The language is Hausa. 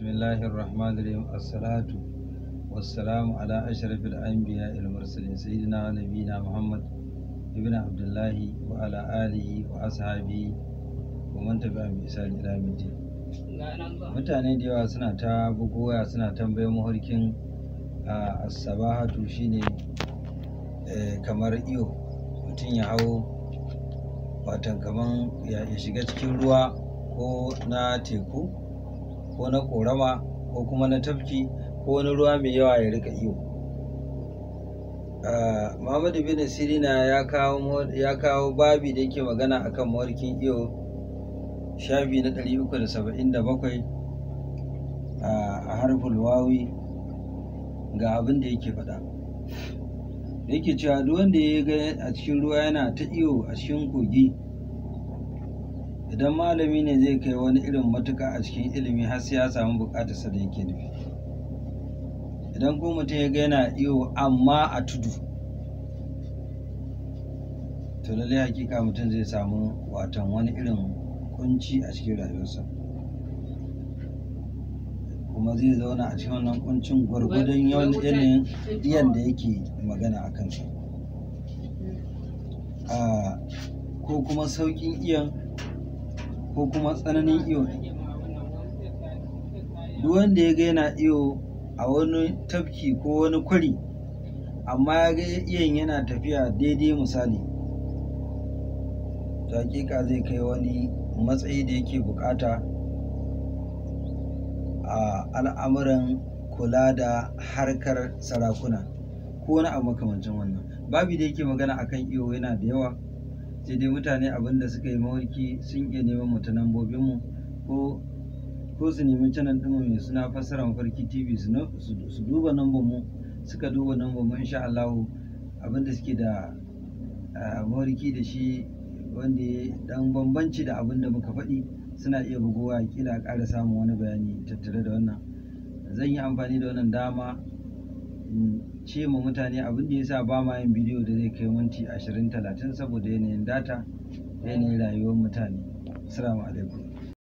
بسم الله الرحمن الرحيم الصلاة والسلام على أشرف الأنبياء المرسلين سيدنا نبينا محمد ابن عبد الله وعلى آله وأصحابه ومن تبع بإحسان إلى مدين الدين mutane da yawa suna ta bugowa suna tambayar maharkin asabahatu shine kamar iyo mutum ya hau watan kamar ya shiga cikin ruwa ko na teku ko na korama ko kuma na tafki ko wani ruwa mai yawa ya rika iyo ah, muhammadu bin sirina ya kawo babi da yake magana a kan mawarkin iyo shafi na 377 ah, a harful wawi ga abin da yake faɗa yake cewa duk wanda ya ga a cikin ruwa yana ta iyo a cikin kogi idan malami ne zai kai wani irin matuka a cikin ilimi har sai ya samu sa da yake nufi idan ko mutum ya ga yana iyo amma a tudu to lallai hakika mutum zai samu watan wani irin kunci a cikin rayuwarsa kuma zai zauna a cikin wannan kuncin gwargwadon yanayin iyan da yake magana a kansa mm. ah, ko kuma sauƙin iyan ko kuma tsananin iyo duk wanda ya ga yana iyo a wani tafki ko wani kwari amma ya ga iyon yana tafiya daidai misali to hakika zai kai wani matsayi da yake buƙata a al'amuran kula da harkar sarakuna ko wani abu makamancin wannan babu da yake magana akan iyo yana da yawa sai dai mutane abin da suka yi mawarki sun iya neman mu ta ko ko su nemi canan ɗinmu mai suna fassara mafarki tv su duba namban mu suka duba namban mu insha allahu abin da suke da mawarki da shi wanda ya dan bambanci da abin da muka faɗi suna iya bugowa kila ƙara samun wani bayani tattare da wannan zan yi amfani da wannan dama ce ma mutane abin da yasa ba ma yin bidiyo da zai kai minti 20 talatin saboda yanayin data yanayin rayuwar mutane assalamu alaikum